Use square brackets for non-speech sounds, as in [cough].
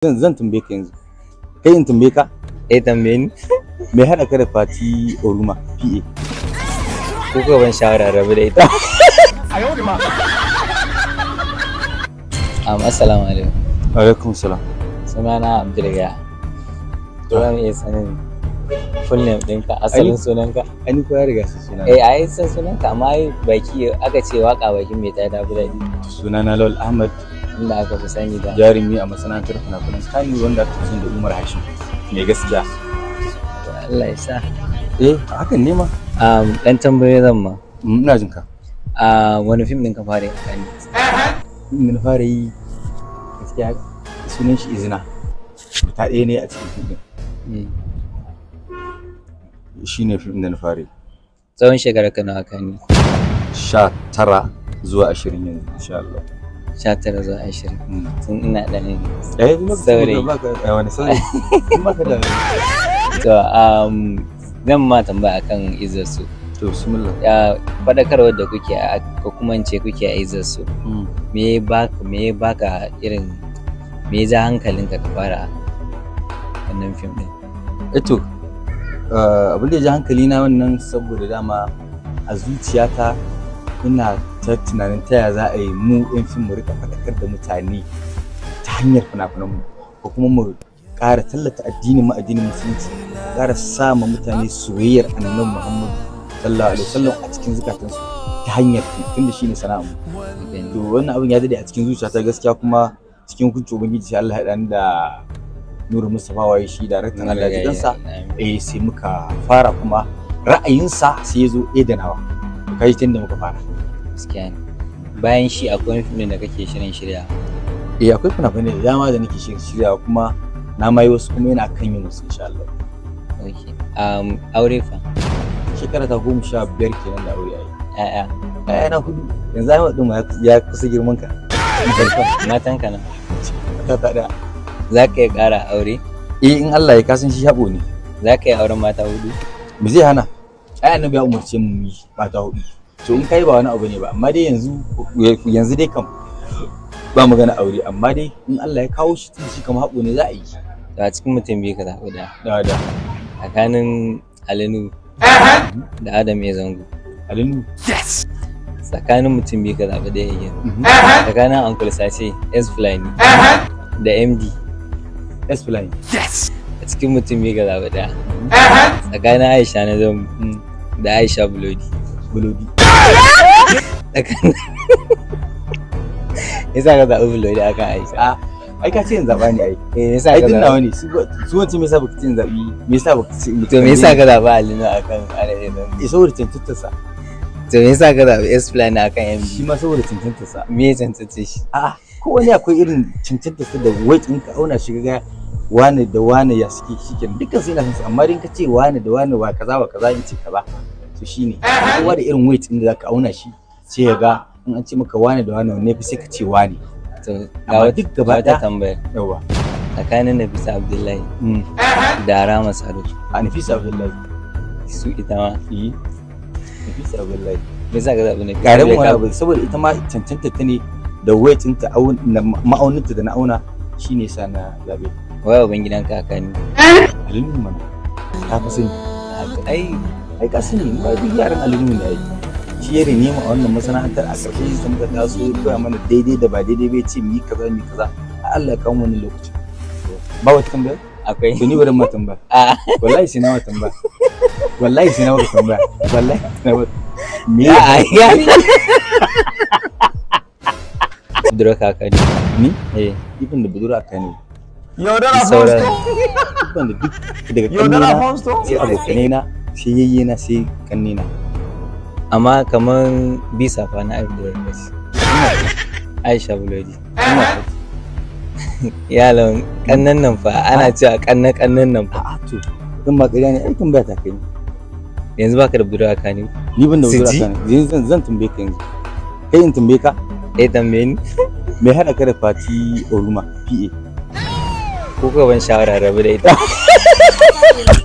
zan zan tambaye ka yanzu kai in tambaye ka eh tambaye ni [laughs] me hada ka da fati oruma pa ko ka ban shawara rabu da ita [laughs] am assalamu alaikum alaikum salam sunana abdulga to ah. za mu iya sanin full name ɗinka asalin sunanka ani ko ya riga su sunan eh ai san sunanka amma baki aka ce waka bakin mai ta dabu sunana lol ahmad inda aka fi sani da jarumi a masana'antar fina-finan kani wanda aka fi da umar hashim mai gaskiya Allah ya sa eh hakan ne ma um dan tambaye zan ma mm, ina jin ka a wani fim din ka fara yi kani min fara yi gaskiya sunan shi izina ta ɗaya ne a cikin fim din hmm. shi ne fim din fara yi tsawon shekarar kana kani sha tara zuwa ashirin yanzu insha Allah sha tara zuwa ashirin hmm. tun ina eh, da ɗan saurayi [laughs] to um, zan ma tambaya akan izar su to bismillah ya faɗakarwar da kuke a ko kuma ce kuke a izar su hmm. me baka me baka irin me za ja ka fara wannan fim din eto eh uh, abin da ya ji hankali na wannan saboda dama a zuciyata kuna ta tunanin ta za a yi mu in fi mu rika faɗakar da mutane ta hanyar fina-finanmu ko kuma mu kara tallata addinin mu addinin musulunci kara sa ma mutane soyayyar annabi muhammadu sallallahu alaihi wasallam a cikin su ta hanyar tun da shine sana'a mu to wannan abin ya dade a cikin ta gaskiya kuma cikin hukuncin ubangiji sai Allah ya dan da Nuru Mustafa waye shi daraktan Allah ya jidansa eh sai muka fara kuma ra'ayinsa sai ya zo edanawa kai tun da muka fara gaskiya ne bayan shi akwai fim da kake shirin shirya eh akwai fina bane da dama da nake shirin shirya kuma na mai wasu kuma yana kan yin wasu insha Allah okay um aure fa shekara ta goma sha biyar kenan da aure ai a'a Eh na hudu yanzu ai wadin ya kusa girman ka matan ka nan ta tada za ka yi kara aure eh in Allah ya kasance shabo ne za ka yi auren mata hudu me zai hana ai annabi ya umarce mu ba mata hudu to in kai ba wani abu ne ba amma dai yanzu yanzu dai kam ba magana aure amma dai in Allah ya kawo shi tun shi kamar haƙo ne za a yi da cikin mutum biyu ka zaɓi da da da tsakanin alinu da adam ya zango alinu yes tsakanin mutum biyu ka zaɓi da yayin mhm. tsakanin uncle sace s fulani da md s fulani yes a cikin mutum biyu ka zaɓi da tsakanin aisha na zambo mm. da aisha bulodi bulodi [laughs] yasa ka zaɓi bulodi akan aisha a ah, ai ka ce in zaɓa ne ai eh yasa ka zaɓa ai su wancan me yasa baka ce in zaɓi me yasa baka ce to me yasa ka zaɓa alina akan ne eh saboda sa to me yasa ka zaɓi S-Plan akan eh, MD? Shi ma saboda sa Me ya cancance shi? A'a, kowane akwai irin cancantarsa da weight in ka auna shi ga wane da wane ya suke shikenan dukkan sai ina amma rinka ce wane da wane wa kaza wa kaza in ce ba to shine kowa da irin weight din da zaka auna shi sai ya ga in an ce maka wane da wane ne fi sai ka ce wane to ga duk gaba tambaya. tambayar yawa tsakanin Nafisa Abdullahi mm. da Rama Sadu a Nafisa Abdullahi su ita ma eh. Nafisa Abdullahi me yasa ka zaɓi ne garin wani abu saboda ita ma cancanta ta ne da weight ɗinta ma'auninta da na auna shine sa na zabe waya ban gidan kakani eh? alulu mana ka fi sani ai ai ka sani ba duk yaran alulu ne ai shi ya rene mu a wannan masana'antar a ƙarshe shi sun ga su koya mana daidai da ba daidai bai ce mi kaza mi kaza Allah ya kawo wani lokaci ba wata tambaya akwai to ni bari ma tambaya [laughs] ah. wallahi sai na ma tambaya wallahi sai na ma tambaya wallahi na ma me ya budura kakani ni eh ibin da budura kakani yaudara fonsto wanda duk daga [laughs] yaudara fonsto sai abokanai na sai yayye na sai kanni na amma kaman bisa fa na abu da yasi aisha bulodi eh? [laughs] yalon kannan nan fa ana cewa kannan kannan nan fa a to dan ba ƙarya ne aikin ba ta kai yanzu baka da budurwa ka ne ni ban da budurwa ka ne yanzu zan tambaye ka yanzu kai in tambaye ka eh tambaye ni me hada ka da fati oruma pa kuka ban shawara rabu da ita [laughs] [laughs]